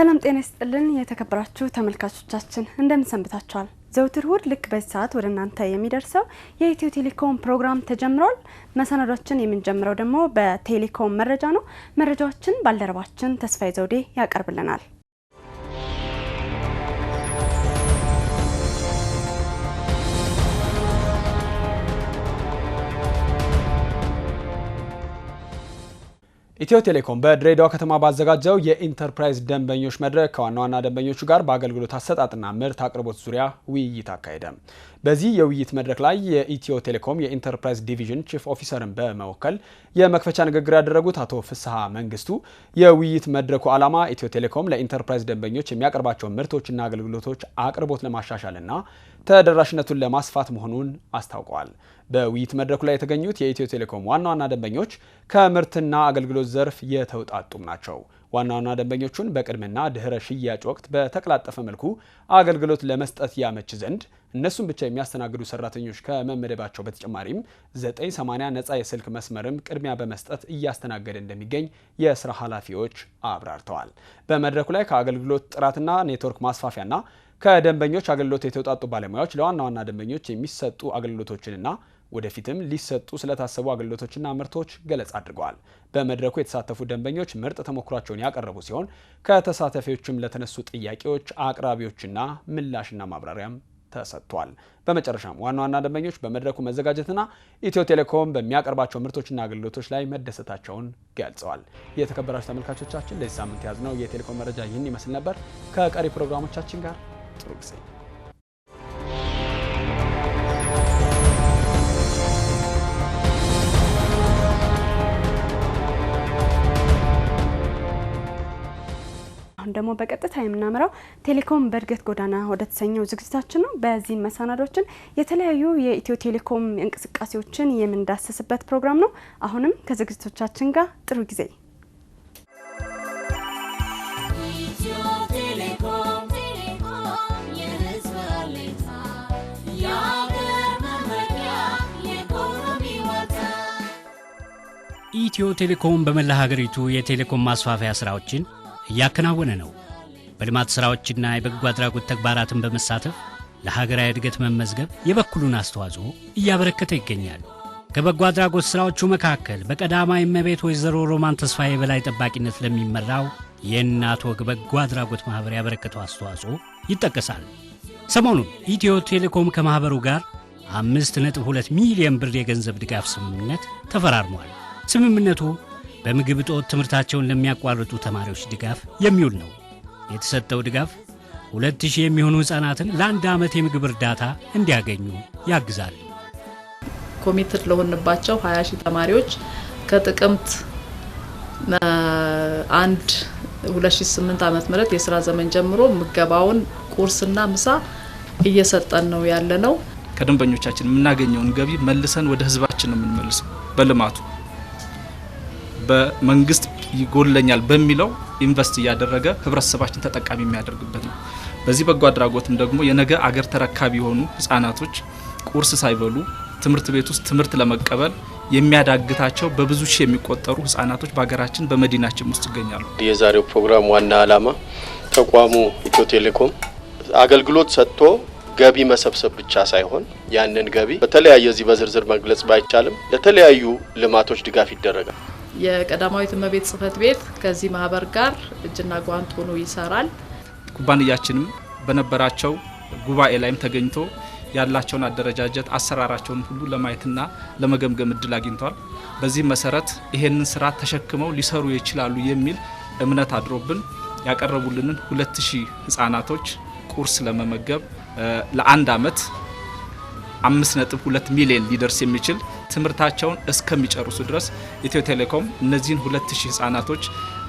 ሰላም ጤና ይስጥልን። የተከበራችሁ ተመልካቾቻችን እንደምን ሰንብታችኋል? ዘውትር እሁድ ልክ በዚህ ሰዓት ወደ እናንተ የሚደርሰው የኢትዮ ቴሌኮም ፕሮግራም ተጀምሯል። መሰናዷችን የምንጀምረው ደግሞ በቴሌኮም መረጃ ነው። መረጃዎችን ባልደረባችን ተስፋዬ ዘውዴ ያቀርብልናል። ኢትዮ ቴሌኮም በድሬዳዋ ከተማ ባዘጋጀው የኢንተርፕራይዝ ደንበኞች መድረክ ከዋና ዋና ደንበኞቹ ጋር በአገልግሎት አሰጣጥና ምርት አቅርቦት ዙሪያ ውይይት አካሄደ። በዚህ የውይይት መድረክ ላይ የኢትዮ ቴሌኮም የኢንተርፕራይዝ ዲቪዥን ቺፍ ኦፊሰርን በመወከል የመክፈቻ ንግግር ያደረጉት አቶ ፍስሐ መንግስቱ የውይይት መድረኩ ዓላማ ኢትዮ ቴሌኮም ለኢንተርፕራይዝ ደንበኞች የሚያቀርባቸውን ምርቶችና አገልግሎቶች አቅርቦት ለማሻሻልና ተደራሽነቱን ለማስፋት መሆኑን አስታውቀዋል። በውይይት መድረኩ ላይ የተገኙት የኢትዮ ቴሌኮም ዋና ዋና ደንበኞች ከምርትና አገልግሎት ዘርፍ የተውጣጡም ናቸው። ዋና ዋና ደንበኞቹን በቅድምና ድህረ ሽያጭ ወቅት በተቀላጠፈ መልኩ አገልግሎት ለመስጠት ያመች ዘንድ እነሱን ብቻ የሚያስተናግዱ ሰራተኞች ከመመደባቸው በተጨማሪም 980 ነጻ የስልክ መስመርም ቅድሚያ በመስጠት እያስተናገደ እንደሚገኝ የስራ ኃላፊዎች አብራርተዋል። በመድረኩ ላይ ከአገልግሎት ጥራትና ኔትወርክ ማስፋፊያና ከደንበኞች አገልግሎት የተውጣጡ ባለሙያዎች ለዋና ዋና ደንበኞች የሚሰጡ አገልግሎቶችንና ወደፊትም ሊሰጡ ስለታሰቡ አገልግሎቶችና ምርቶች ገለጽ አድርገዋል። በመድረኩ የተሳተፉ ደንበኞች ምርጥ ተሞክሯቸውን ያቀረቡ ሲሆን ከተሳታፊዎችም ለተነሱ ጥያቄዎች አቅራቢዎችና ምላሽና ማብራሪያም ተሰጥቷል። በመጨረሻም ዋና ዋና ደንበኞች በመድረኩ መዘጋጀትና ኢትዮ ቴሌኮም በሚያቀርባቸው ምርቶችና አገልግሎቶች ላይ መደሰታቸውን ገልጸዋል። የተከበራችሁ ተመልካቾቻችን ለዚህ ሳምንት የያዝነው የቴሌኮም መረጃ ይህን ይመስል ነበር። ከቀሪ ፕሮግራሞቻችን ጋር ጥሩ ጊዜ አሁን ደግሞ በቀጥታ የምናመራው ቴሌኮም በእድገት ጎዳና ወደ ተሰኘው ዝግጅታችን ነው። በዚህም መሰናዶችን የተለያዩ የኢትዮ ቴሌኮም እንቅስቃሴዎችን የምንዳሰስበት ፕሮግራም ነው። አሁንም ከዝግጅቶቻችን ጋር ጥሩ ጊዜ ኢትዮ ቴሌኮም በመላ ሀገሪቱ የቴሌኮም ማስፋፊያ ስራዎችን እያከናወነ ነው። በልማት ሥራዎችና የበጎ አድራጎት ተግባራትን በመሳተፍ ለሀገራዊ እድገት መመዝገብ የበኩሉን አስተዋጽኦ እያበረከተ ይገኛል። ከበጎ አድራጎት ሥራዎቹ መካከል በቀዳማዊ እመቤት ወይዘሮ ሮማን ተስፋዬ በላይ ጠባቂነት ለሚመራው የእናት ወግ በጎ አድራጎት ማኅበር ያበረከተው አስተዋጽኦ ይጠቀሳል። ሰሞኑን ኢትዮ ቴሌኮም ከማኅበሩ ጋር አምስት ነጥብ ሁለት ሚሊዮን ብር የገንዘብ ድጋፍ ስምምነት ተፈራርሟል። ስምምነቱ በምግብ እጦት ትምህርታቸውን ለሚያቋርጡ ተማሪዎች ድጋፍ የሚውል ነው። የተሰጠው ድጋፍ ሁለት ሺህ የሚሆኑ ሕፃናትን ለአንድ ዓመት የምግብ እርዳታ እንዲያገኙ ያግዛል። ኮሚትድ ለሆንባቸው 20 ሺህ ተማሪዎች ከጥቅምት አንድ 2008 ዓመተ ምህረት የስራ ዘመን ጀምሮ ምገባውን ቁርስና ምሳ እየሰጠን ነው ያለ ነው። ከደንበኞቻችን የምናገኘውን ገቢ መልሰን ወደ ህዝባችን ነው የምንመልሰው በልማቱ በመንግስት ይጎለኛል በሚለው ኢንቨስት እያደረገ ህብረተሰባችን ተጠቃሚ የሚያደርግበት ነው። በዚህ በጎ አድራጎትም ደግሞ የነገ አገር ተረካቢ የሆኑ ህጻናቶች ቁርስ ሳይበሉ ትምህርት ቤት ውስጥ ትምህርት ለመቀበል የሚያዳግታቸው በብዙ ሺህ የሚቆጠሩ ህጻናቶች በሀገራችን በመዲናችን ውስጥ ይገኛሉ። የዛሬው ፕሮግራም ዋና ዓላማ ተቋሙ ኢትዮ ቴሌኮም አገልግሎት ሰጥቶ ገቢ መሰብሰብ ብቻ ሳይሆን ያንን ገቢ በተለያየ እዚህ በዝርዝር መግለጽ ባይቻልም ለተለያዩ ልማቶች ድጋፍ ይደረጋል። የቀዳማዊት እመቤት ጽህፈት ቤት ከዚህ ማህበር ጋር እጅና ጓንት ሆኖ ይሰራል። ኩባንያችንም በነበራቸው ጉባኤ ላይም ተገኝቶ ያላቸውን አደረጃጀት አሰራራቸውን ሁሉ ለማየትና ለመገምገም እድል አግኝቷል። በዚህ መሰረት ይሄንን ስራ ተሸክመው ሊሰሩ ይችላሉ የሚል እምነት አድሮብን ያቀረቡልንን 2000 ህጻናቶች ቁርስ ለመመገብ ለአንድ አመት 5.2 ሚሊዮን ሊደርስ የሚችል ትምህርታቸውን እስከሚጨርሱ ድረስ ኢትዮ ቴሌኮም እነዚህን ሁለት ህጻናቶች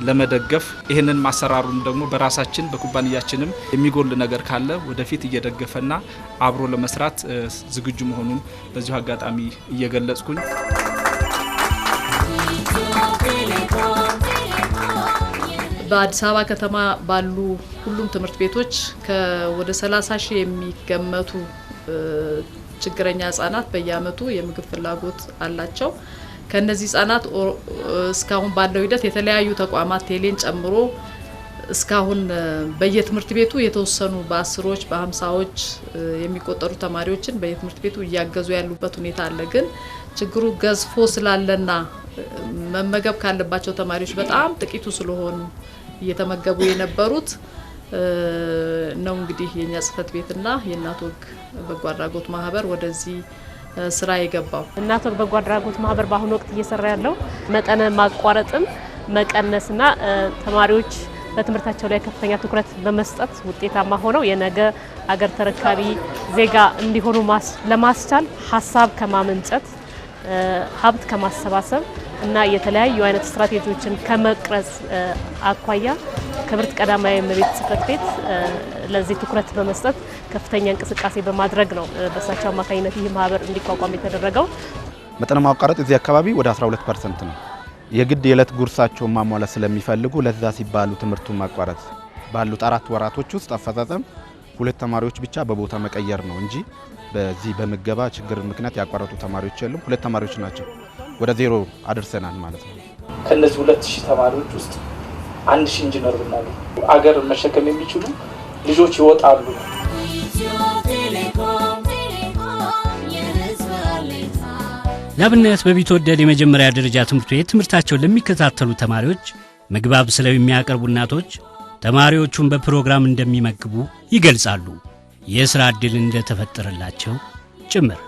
ለመደገፍ ይህንን ማሰራሩን ደግሞ በራሳችን በኩባንያችንም የሚጎል ነገር ካለ ወደፊት እየደገፈና አብሮ ለመስራት ዝግጁ መሆኑን በዚሁ አጋጣሚ እየገለጽኩኝ በአዲስ አበባ ከተማ ባሉ ሁሉም ትምህርት ቤቶች ወደ 30 ሺህ የሚገመቱ ችግረኛ ህጻናት በየአመቱ የምግብ ፍላጎት አላቸው። ከነዚህ ህጻናት እስካሁን ባለው ሂደት የተለያዩ ተቋማት ቴሌን ጨምሮ እስካሁን በየትምህርት ቤቱ የተወሰኑ በአስሮች በሀምሳዎች የሚቆጠሩ ተማሪዎችን በየትምህርት ቤቱ እያገዙ ያሉበት ሁኔታ አለ። ግን ችግሩ ገዝፎ ስላለና መመገብ ካለባቸው ተማሪዎች በጣም ጥቂቱ ስለሆኑ እየተመገቡ የነበሩት ነው። እንግዲህ የእኛ ጽህፈት ቤትና የእናት ወግ በጎ አድራጎት ማህበር ወደዚህ ስራ የገባው እናቶች በጎ አድራጎት ማህበር በአሁኑ ወቅት እየሰራ ያለው መጠነ ማቋረጥን መቀነስና ተማሪዎች በትምህርታቸው ላይ ከፍተኛ ትኩረት በመስጠት ውጤታማ ሆነው የነገ አገር ተረካቢ ዜጋ እንዲሆኑ ለማስቻል ሀሳብ ከማመንጨት ሀብት ከማሰባሰብ እና የተለያዩ አይነት ስትራቴጂዎችን ከመቅረጽ አኳያ ክብርት ቀዳማዊ እመቤት ጽሕፈት ቤት ለዚህ ትኩረት በመስጠት ከፍተኛ እንቅስቃሴ በማድረግ ነው በእሳቸው አማካኝነት ይህ ማህበር እንዲቋቋም የተደረገው። መጠነ ማቋረጥ እዚህ አካባቢ ወደ 12 ፐርሰንት ነው። የግድ የዕለት ጉርሳቸውን ማሟላት ስለሚፈልጉ ለዛ ሲባሉ ትምህርቱን ማቋረጥ ባሉት አራት ወራቶች ውስጥ አፈጻጸም ሁለት ተማሪዎች ብቻ በቦታ መቀየር ነው እንጂ በዚህ በምገባ ችግር ምክንያት ያቋረጡ ተማሪዎች የሉም። ሁለት ተማሪዎች ናቸው። ወደ ዜሮ አድርሰናል ማለት ነው። ከእነዚህ ሁለት ሺህ ተማሪዎች ውስጥ አንድ ሺህ ኢንጂነር ብናገኝ አገር መሸከም የሚችሉ ልጆች ይወጣሉ። ለአብነት በቢትወደድ የመጀመሪያ ደረጃ ትምህርት ቤት ትምህርታቸውን ለሚከታተሉ ተማሪዎች ምግብ አብስለው የሚያቀርቡ እናቶች ተማሪዎቹን በፕሮግራም እንደሚመግቡ ይገልጻሉ። የሥራ ዕድል እንደተፈጠረላቸው ጭምር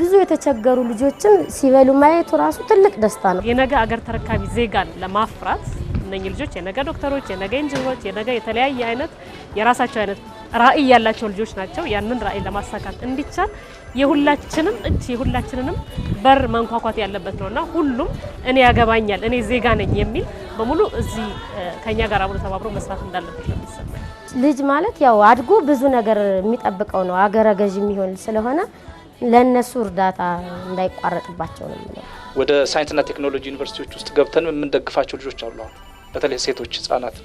ብዙ የተቸገሩ ልጆችም ሲበሉ ማየቱ ራሱ ትልቅ ደስታ ነው። የነገ አገር ተረካቢ ዜጋን ለማፍራት እነኚህ ልጆች የነገ ዶክተሮች፣ የነገ ኢንጂነሮች፣ የነገ የተለያየ አይነት የራሳቸው አይነት ራዕይ ያላቸው ልጆች ናቸው። ያንን ራዕይ ለማሳካት እንዲቻል የሁላችንም እጅ የሁላችንንም በር መንኳኳት ያለበት እና ሁሉም እኔ ያገባኛል እኔ ዜጋ ነኝ የሚል በሙሉ እዚህ ከኛ ጋር አብሮ ተባብሮ መስራት እንዳለበት ነው የሚሰማኝ። ልጅ ማለት ያው አድጎ ብዙ ነገር የሚጠብቀው ነው አገረ ገዥ የሚሆን ስለሆነ ለእነሱ እርዳታ እንዳይቋረጥባቸው ነው የምለው። ወደ ሳይንስና ቴክኖሎጂ ዩኒቨርሲቲዎች ውስጥ ገብተን የምንደግፋቸው ልጆች አሉ። አሁን በተለይ ሴቶች፣ ህጻናት፣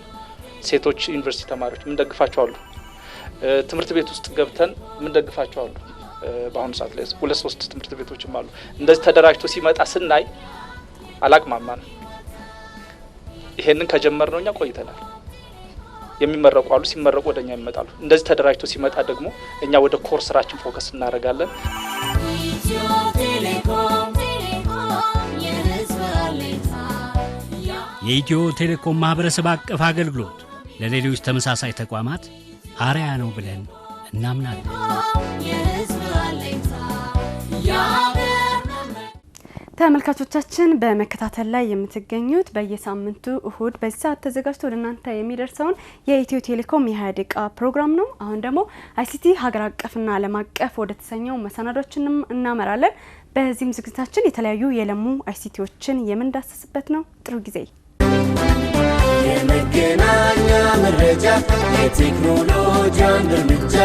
ሴቶች ዩኒቨርሲቲ ተማሪዎች የምንደግፋቸው አሉ። ትምህርት ቤት ውስጥ ገብተን የምንደግፋቸው አሉ። በአሁኑ ሰዓት ላይ ሁለት ሶስት ትምህርት ቤቶችም አሉ። እንደዚህ ተደራጅቶ ሲመጣ ስናይ አላቅማማ ነው። ይሄንን ነው እኛ ቆይተናል። የሚመረቁ አሉ። ሲመረቁ ወደ እኛ ይመጣሉ። እንደዚህ ተደራጅቶ ሲመጣ ደግሞ እኛ ወደ ኮር ስራችን ፎከስ እናደርጋለን። የኢትዮ ቴሌኮም ማኅበረሰብ አቀፍ አገልግሎት ለሌሎች ተመሳሳይ ተቋማት አርያ ነው ብለን እናምናለን። ተመልካቾቻችን በመከታተል ላይ የምትገኙት በየሳምንቱ እሁድ በዚህ ሰዓት ተዘጋጅቶ ወደ እናንተ የሚደርሰውን የኢትዮ ቴሌኮም የሀያ ደቂቃ ፕሮግራም ነው። አሁን ደግሞ አይሲቲ ሀገር አቀፍና ዓለም አቀፍ ወደ ተሰኘው መሰናዶችንም እናመራለን። በዚህም ዝግጅታችን የተለያዩ የለሙ አይሲቲዎችን የምንዳሰስበት ነው። ጥሩ ጊዜ። የመገናኛ መረጃ የቴክኖሎጂ አንድ እርምጃ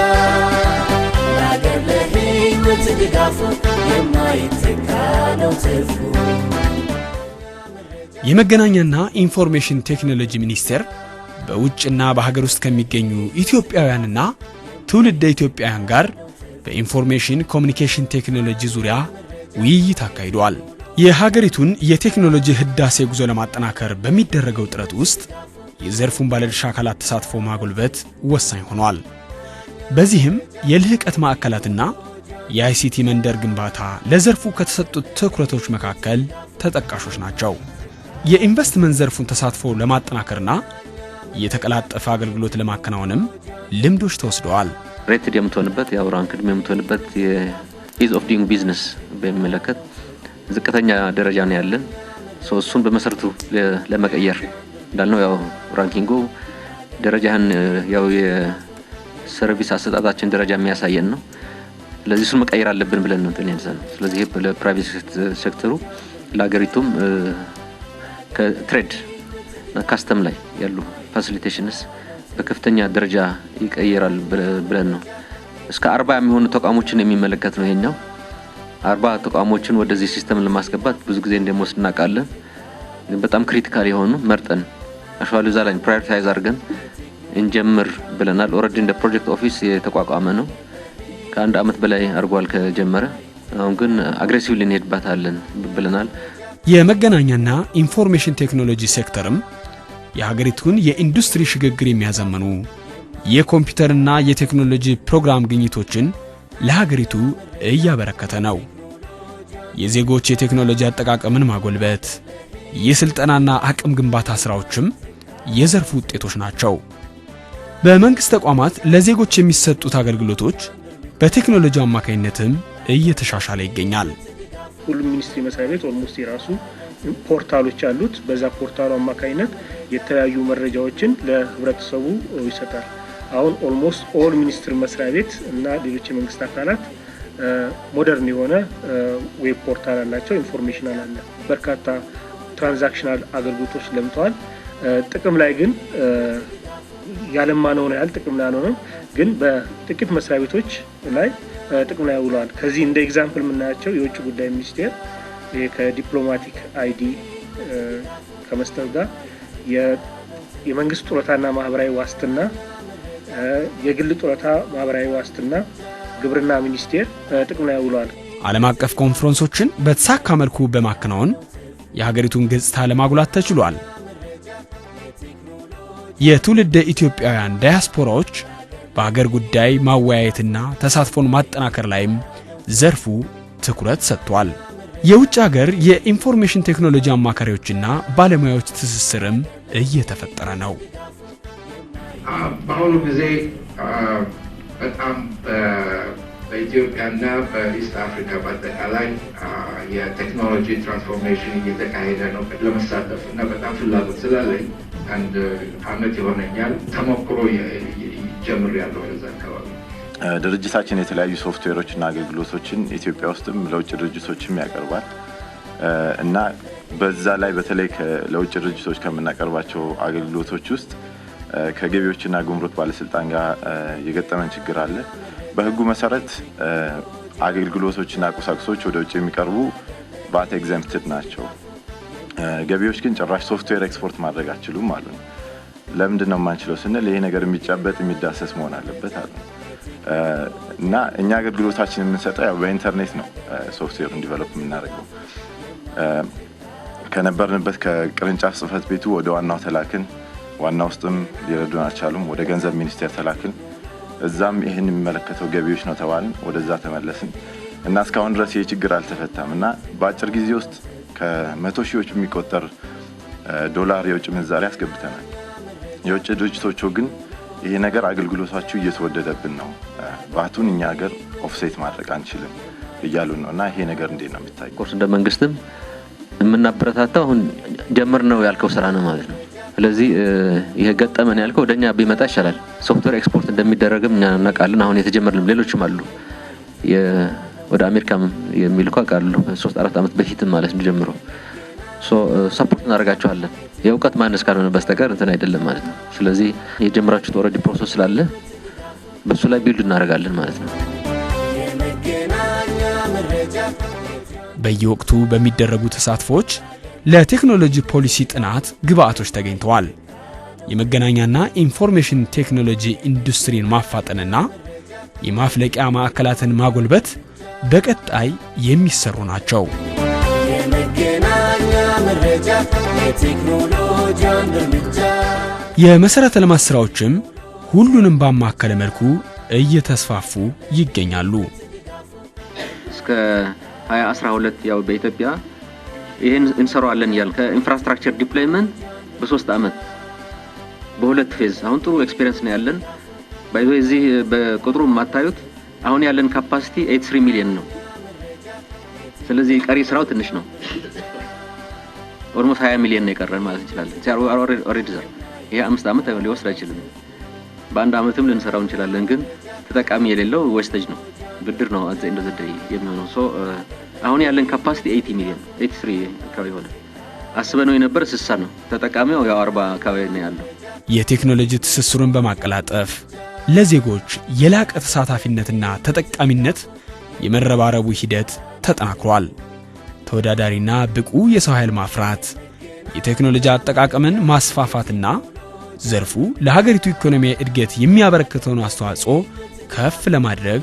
ድጋፉ የማይተካ ነው ትርፉ። የመገናኛና ኢንፎርሜሽን ቴክኖሎጂ ሚኒስቴር በውጭና በሀገር ውስጥ ከሚገኙ ኢትዮጵያውያንና ትውልደ ኢትዮጵያውያን ጋር በኢንፎርሜሽን ኮሚኒኬሽን ቴክኖሎጂ ዙሪያ ውይይት አካሂደዋል። የሀገሪቱን የቴክኖሎጂ ህዳሴ ጉዞ ለማጠናከር በሚደረገው ጥረት ውስጥ የዘርፉን ባለድርሻ አካላት ተሳትፎ ማጎልበት ወሳኝ ሆኗል። በዚህም የልህቀት ማዕከላትና የአይሲቲ መንደር ግንባታ ለዘርፉ ከተሰጡት ትኩረቶች መካከል ተጠቃሾች ናቸው። የኢንቨስትመንት ዘርፉን ተሳትፎ ለማጠናከርና የተቀላጠፈ አገልግሎት ለማከናወንም ልምዶች ተወስደዋል። ሬትድ የምትሆንበት ያው ራንክድ የምትሆንበት የኢዝ ኦፍ ዲንግ ቢዝነስ በሚመለከት ዝቅተኛ ደረጃ ነው ያለን። እሱን በመሰረቱ ለመቀየር እንዳልነው ያው ራንኪንጉ ደረጃህን ያው የሰርቪስ አሰጣጣችን ደረጃ የሚያሳየን ነው። ስለዚህ እሱን መቀየር አለብን ብለን ነው እንትን ያነሳ ነው። ስለዚህ ለፕራይቬት ሴክተሩ ለሀገሪቱም ከትሬድ ካስተም ላይ ያሉ ፋሲሊቴሽንስ በከፍተኛ ደረጃ ይቀየራል ብለን ነው። እስከ አርባ የሚሆኑ ተቋሞችን የሚመለከት ነው ይሄኛው። አርባ ተቋሞችን ወደዚህ ሲስተም ለማስገባት ብዙ ጊዜ እንደሚወስድ እናውቃለን። ግን በጣም ክሪቲካል የሆኑ መርጠን አሸዋሉ ዛ ላይ ፕራዮሪታይዝ አድርገን እንጀምር ብለናል። ኦልሬዲ እንደ ፕሮጀክት ኦፊስ የተቋቋመ ነው። ከአንድ ዓመት በላይ አድርጓል ከጀመረ። አሁን ግን አግሬሲቭ ልንሄድባታለን ብለናል። የመገናኛና ኢንፎርሜሽን ቴክኖሎጂ ሴክተርም የሀገሪቱን የኢንዱስትሪ ሽግግር የሚያዘመኑ የኮምፒውተርና የቴክኖሎጂ ፕሮግራም ግኝቶችን ለሀገሪቱ እያበረከተ ነው። የዜጎች የቴክኖሎጂ አጠቃቀምን ማጎልበት፣ የሥልጠናና አቅም ግንባታ ሥራዎችም የዘርፉ ውጤቶች ናቸው። በመንግሥት ተቋማት ለዜጎች የሚሰጡት አገልግሎቶች በቴክኖሎጂ አማካኝነትም እየተሻሻለ ይገኛል። ሁሉም ሚኒስትሪ መስሪያ ቤት ኦልሞስት የራሱ ፖርታሎች አሉት። በዛ ፖርታሉ አማካኝነት የተለያዩ መረጃዎችን ለህብረተሰቡ ይሰጣል። አሁን ኦልሞስት ኦል ሚኒስትር መስሪያ ቤት እና ሌሎች የመንግስት አካላት ሞደርን የሆነ ዌብ ፖርታል አላቸው። ኢንፎርሜሽን አላለ በርካታ ትራንዛክሽናል አገልግሎቶች ለምተዋል። ጥቅም ላይ ግን ያለማነው ነው ያህል ጥቅም ላይ አልሆነም። ግን በጥቂት መስሪያ ቤቶች ላይ ጥቅም ላይ ውለዋል። ከዚህ እንደ ኤግዛምፕል የምናያቸው የውጭ ጉዳይ ሚኒስቴር ከዲፕሎማቲክ አይዲ ከመስጠት ጋር የመንግስት ጡረታና ማህበራዊ ዋስትና፣ የግል ጡረታ ማህበራዊ ዋስትና፣ ግብርና ሚኒስቴር ጥቅም ላይ ውለዋል። ዓለም አቀፍ ኮንፈረንሶችን በተሳካ መልኩ በማከናወን የሀገሪቱን ገጽታ ለማጉላት ተችሏል። የትውልደ ኢትዮጵያውያን ዳያስፖራዎች በአገር ጉዳይ ማወያየትና ተሳትፎን ማጠናከር ላይም ዘርፉ ትኩረት ሰጥቷል። የውጭ ሀገር የኢንፎርሜሽን ቴክኖሎጂ አማካሪዎችና ባለሙያዎች ትስስርም እየተፈጠረ ነው። በአሁኑ ጊዜ በጣም በኢትዮጵያና በኢስት አፍሪካ በአጠቃላይ የቴክኖሎጂ ትራንስፎርሜሽን እየተካሄደ ነው። ለመሳተፍ እና በጣም ፍላጎት ስላለኝ አንድ አመት ይሆነኛል ተሞክሮ ጀምሬያለሁ ወደዛ አካባቢ። ድርጅታችን የተለያዩ ሶፍትዌሮችና አገልግሎቶችን ኢትዮጵያ ውስጥም ለውጭ ድርጅቶችም ያቀርባል እና በዛ ላይ በተለይ ለውጭ ድርጅቶች ከምናቀርባቸው አገልግሎቶች ውስጥ ከገቢዎችና ጉምሩክ ባለስልጣን ጋር የገጠመን ችግር አለ። በህጉ መሰረት አገልግሎቶችና ቁሳቁሶች ወደ ውጭ የሚቀርቡ ባት ኤግዘምፕትድ ናቸው። ገቢዎች ግን ጭራሽ ሶፍትዌር ኤክስፖርት ማድረግ አችሉም አሉ ነው ለምንድን ነው የማንችለው ስንል ይሄ ነገር የሚጨበጥ የሚዳሰስ መሆን አለበት አሉ እና እኛ አገልግሎታችን የምንሰጠው ያው በኢንተርኔት ነው። ሶፍትዌር እንዲቨሎፕ የምናደርገው ከነበርንበት ከቅርንጫፍ ጽህፈት ቤቱ ወደ ዋናው ተላክን። ዋና ውስጥም ሊረዱን አልቻሉም። ወደ ገንዘብ ሚኒስቴር ተላክን። እዛም ይህን የሚመለከተው ገቢዎች ነው ተባልን። ወደዛ ተመለስን እና እስካሁን ድረስ ይህ ችግር አልተፈታም እና በአጭር ጊዜ ውስጥ ከመቶ ሺዎች የሚቆጠር ዶላር የውጭ ምንዛሬ አስገብተናል። የውጭ ድርጅቶቹ ግን ይሄ ነገር አገልግሎታችሁ እየተወደደብን ነው፣ ባቱን እኛ ሀገር ኦፍሴት ማድረግ አንችልም እያሉ ነው። እና ይሄ ነገር እንዴት ነው የሚታይ? ኮርስ እንደ መንግስትም የምናበረታታው አሁን ጀምር ነው ያልከው ስራ ነው ማለት ነው። ስለዚህ ይሄ ገጠመን ያልከው ወደኛ ቢመጣ ይሻላል። ሶፍትዌር ኤክስፖርት እንደሚደረግም እኛ እናውቃለን። አሁን የተጀመርንም ሌሎችም አሉ ወደ አሜሪካም የሚልኩ አውቃለሁ። ሶስት አራት ዓመት በፊትም ማለት ነው ሰፖርት እናደርጋቸዋለን። የእውቀት ማነስ ካልሆነ በስተቀር እንትን አይደለም ማለት ነው። ስለዚህ የጀመራችሁት ኦልሬዲ ፕሮሰስ ስላለ በሱ ላይ ቢልድ እናደርጋለን ማለት ነው። በየወቅቱ በሚደረጉ ተሳትፎዎች ለቴክኖሎጂ ፖሊሲ ጥናት ግብአቶች ተገኝተዋል። የመገናኛና ኢንፎርሜሽን ቴክኖሎጂ ኢንዱስትሪን ማፋጠንና የማፍለቂያ ማዕከላትን ማጎልበት በቀጣይ የሚሰሩ ናቸው። የመሰረተ መረጃ የቴክኖሎጂ አንድ እርምጃ። የመሠረተ ልማት ሥራዎችም ሁሉንም ባማከለ መልኩ እየተስፋፉ ይገኛሉ። እስከ 2012 ያው በኢትዮጵያ ይህን እንሰራዋለን እያል ከኢንፍራስትራክቸር ዲፕሎይመንት በሶስት ዓመት በሁለት ፌዝ አሁን ጥሩ ኤክስፔሪንስ ነው ያለን። ባይዞ እዚህ በቁጥሩ የማታዩት አሁን ያለን ካፓሲቲ 83 ሚሊዮን ነው። ስለዚህ ቀሪ ስራው ትንሽ ነው። ኦልሞስት 20 ሚሊዮን ነው የቀረን ማለት እንችላለን። ኦልሬዲ ዘር ይሄ አምስት ዓመት ሊወስድ አይችልም። በአንድ ዓመትም ልንሰራው እንችላለን። ግን ተጠቃሚ የሌለው ወስተጅ ነው፣ ብድር ነው አዘ እንደ ዘደ የሚሆነው ሶ uh, አሁን ያለን ካፓሲቲ 80 ሚሊዮን ኤቲ አካባቢ ሆነ አስበ ነው የነበር ስሳ ነው ተጠቃሚው ያው 40 አካባቢ ነው ያለው። የቴክኖሎጂ ትስስሩን በማቀላጠፍ ለዜጎች የላቀ ተሳታፊነትና ተጠቃሚነት የመረባረቡ ሂደት ተጠናክሯል። ተወዳዳሪና ብቁ የሰው ኃይል ማፍራት፣ የቴክኖሎጂ አጠቃቀምን ማስፋፋትና ዘርፉ ለሀገሪቱ ኢኮኖሚ እድገት የሚያበረክተውን አስተዋጽኦ ከፍ ለማድረግ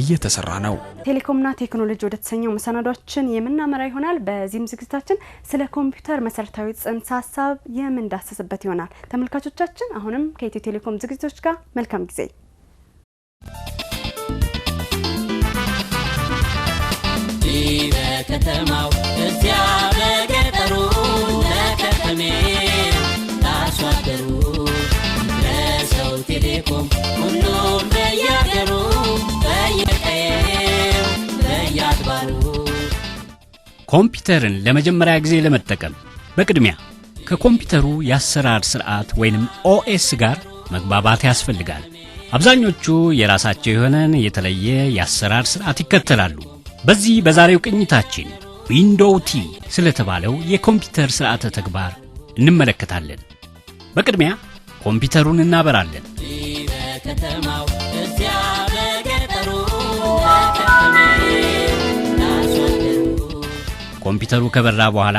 እየተሰራ ነው። ቴሌኮምና ቴክኖሎጂ ወደ ተሰኘው መሰናዷችን የምናመራ ይሆናል። በዚህም ዝግጅታችን ስለ ኮምፒውተር መሰረታዊ ጽንሰ ሀሳብ የምንዳስስበት ይሆናል። ተመልካቾቻችን አሁንም ከኢትዮ ቴሌኮም ዝግጅቶች ጋር መልካም ጊዜ በከተማው እዚያ በገጠሩ ለሰው ቴሌኮም ሁሉም በያገሩ በየቀየው ኮምፒውተርን ለመጀመሪያ ጊዜ ለመጠቀም በቅድሚያ ከኮምፒውተሩ የአሰራር ስርዓት ወይንም ኦኤስ ጋር መግባባት ያስፈልጋል። አብዛኞቹ የራሳቸው የሆነን የተለየ የአሰራር ስርዓት ይከተላሉ። በዚህ በዛሬው ቅኝታችን ዊንዶው ቲ ስለተባለው የኮምፒውተር ስርዓተ ተግባር እንመለከታለን። በቅድሚያ ኮምፒውተሩን እናበራለን። ኮምፒውተሩ ከበራ በኋላ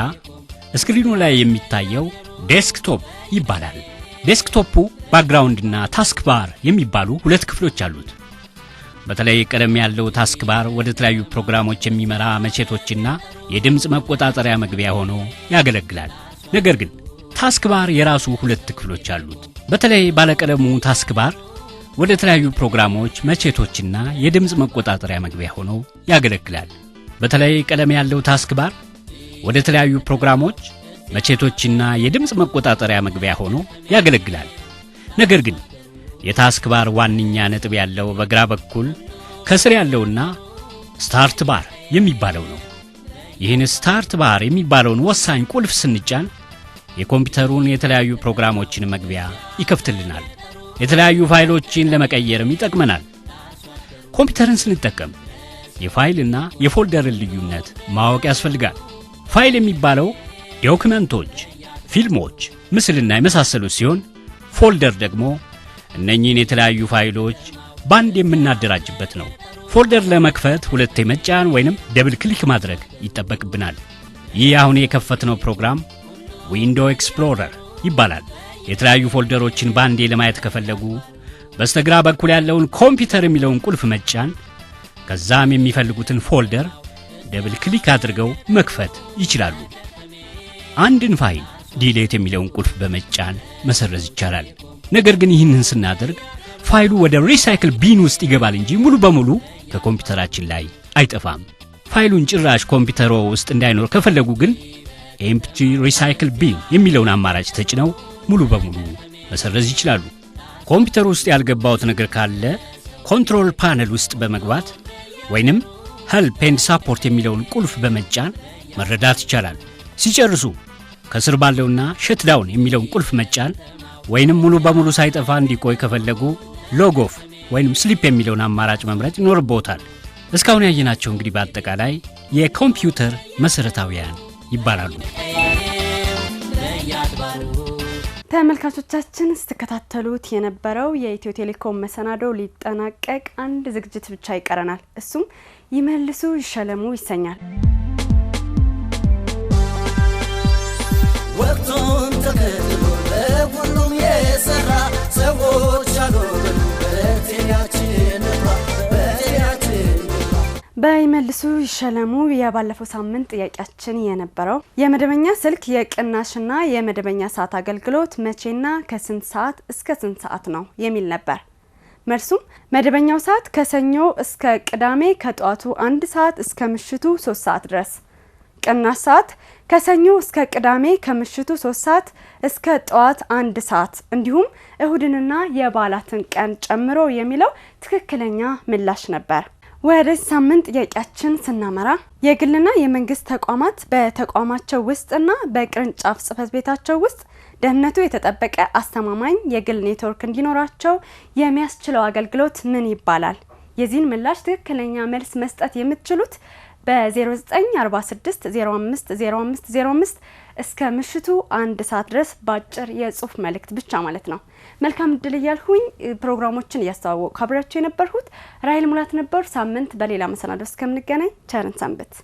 ስክሪኑ ላይ የሚታየው ዴስክቶፕ ይባላል። ዴስክቶፑ ባክግራውንድ እና ታስክ ባር የሚባሉ ሁለት ክፍሎች አሉት። በተለይ ቀደም ያለው ታስክ ባር ወደ ተለያዩ ፕሮግራሞች የሚመራ መቼቶችና የድምፅ መቆጣጠሪያ መግቢያ ሆኖ ያገለግላል። ነገር ግን ታስክ ባር የራሱ ሁለት ክፍሎች አሉት። በተለይ ባለቀለሙ ታስክ ባር ወደ ተለያዩ ፕሮግራሞች መቼቶችና የድምፅ መቆጣጠሪያ መግቢያ ሆኖ ያገለግላል። በተለይ ቀለም ያለው ታስክ ባር ወደ ተለያዩ ፕሮግራሞች መቼቶችና የድምፅ መቆጣጠሪያ መግቢያ ሆኖ ያገለግላል። ነገር ግን የታስክ ባር ዋነኛ ነጥብ ያለው በግራ በኩል ከስር ያለውና ስታርት ባር የሚባለው ነው። ይህን ስታርት ባር የሚባለውን ወሳኝ ቁልፍ ስንጫን የኮምፒውተሩን የተለያዩ ፕሮግራሞችን መግቢያ ይከፍትልናል። የተለያዩ ፋይሎችን ለመቀየርም ይጠቅመናል። ኮምፒውተርን ስንጠቀም የፋይልና የፎልደርን ልዩነት ማወቅ ያስፈልጋል። ፋይል የሚባለው ዶክመንቶች፣ ፊልሞች፣ ምስልና የመሳሰሉት ሲሆን ፎልደር ደግሞ እነኚህን የተለያዩ ፋይሎች ባንድ የምናደራጅበት ነው። ፎልደር ለመክፈት ሁለቴ መጫን ወይንም ደብል ክሊክ ማድረግ ይጠበቅብናል። ይህ አሁን የከፈትነው ፕሮግራም ዊንዶ ኤክስፕሎረር ይባላል። የተለያዩ ፎልደሮችን ባንዴ ለማየት ከፈለጉ በስተግራ በኩል ያለውን ኮምፒውተር የሚለውን ቁልፍ መጫን፣ ከዛም የሚፈልጉትን ፎልደር ደብል ክሊክ አድርገው መክፈት ይችላሉ። አንድን ፋይል ዲሌት የሚለውን ቁልፍ በመጫን መሰረዝ ይቻላል። ነገር ግን ይህንን ስናደርግ ፋይሉ ወደ ሪሳይክል ቢን ውስጥ ይገባል እንጂ ሙሉ በሙሉ ከኮምፒውተራችን ላይ አይጠፋም። ፋይሉን ጭራሽ ኮምፒውተሮ ውስጥ እንዳይኖር ከፈለጉ ግን ኤምፕቲ ሪሳይክል ቢን የሚለውን አማራጭ ተጭነው ሙሉ በሙሉ መሰረዝ ይችላሉ። ኮምፒውተር ውስጥ ያልገባውት ነገር ካለ ኮንትሮል ፓነል ውስጥ በመግባት ወይንም ሄልፕ ኤንድ ሳፖርት የሚለውን ቁልፍ በመጫን መረዳት ይቻላል። ሲጨርሱ ከስር ባለውና ሸትዳውን የሚለውን ቁልፍ መጫን ወይንም ሙሉ በሙሉ ሳይጠፋ እንዲቆይ ከፈለጉ ሎጎፍ ወይም ስሊፕ የሚለውን አማራጭ መምረጥ ይኖርቦታል። እስካሁን ያየናቸው እንግዲህ በአጠቃላይ የኮምፒውተር መሰረታዊያን ይባላሉ። ተመልካቾቻችን ስትከታተሉት የነበረው የኢትዮ ቴሌኮም መሰናዶ ሊጠናቀቅ አንድ ዝግጅት ብቻ ይቀረናል። እሱም ይመልሱ ይሸለሙ ይሰኛል። በይመልሱ ይሸለሙ የባለፈው ሳምንት ጥያቄያችን የነበረው የመደበኛ ስልክ የቅናሽና የመደበኛ ሰዓት አገልግሎት መቼና ከስንት ሰዓት እስከ ስንት ሰዓት ነው የሚል ነበር። መልሱም መደበኛው ሰዓት ከሰኞ እስከ ቅዳሜ ከጠዋቱ አንድ ሰዓት እስከ ምሽቱ ሶስት ሰዓት ድረስ፣ ቅናሽ ሰዓት ከሰኞ እስከ ቅዳሜ ከምሽቱ ሶስት ሰዓት እስከ ጠዋት አንድ ሰዓት እንዲሁም እሁድንና የበዓላትን ቀን ጨምሮ የሚለው ትክክለኛ ምላሽ ነበር። ወደ ሳምንት ጥያቄያችን ስናመራ የግልና የመንግስት ተቋማት በተቋማቸው ውስጥና በቅርንጫፍ ጽህፈት ቤታቸው ውስጥ ደህንነቱ የተጠበቀ አስተማማኝ የግል ኔትወርክ እንዲኖራቸው የሚያስችለው አገልግሎት ምን ይባላል? የዚህን ምላሽ ትክክለኛ መልስ መስጠት የምትችሉት በ 0946050505 እስከ ምሽቱ አንድ ሰዓት ድረስ በአጭር የጽሁፍ መልእክት ብቻ ማለት ነው። መልካም እድል እያልሁኝ ፕሮግራሞችን እያስተዋወቁ አብሬያቸው የነበርሁት ራሂል ሙላት ነበሩ። ሳምንት በሌላ መሰናዶ እስከምንገናኝ ቸርን ሰንብት።